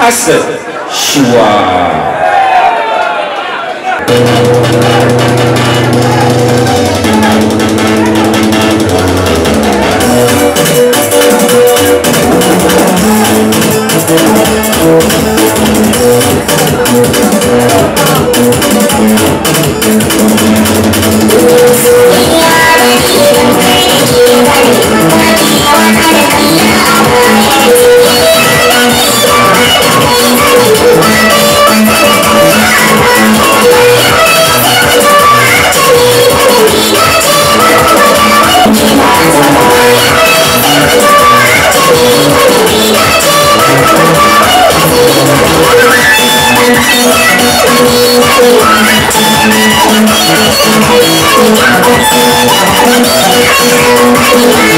it, Shua. Thank you.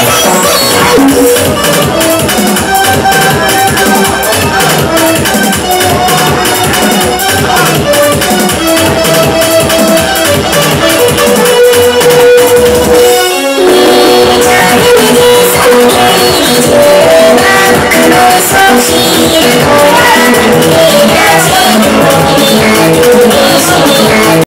真っ黒そひる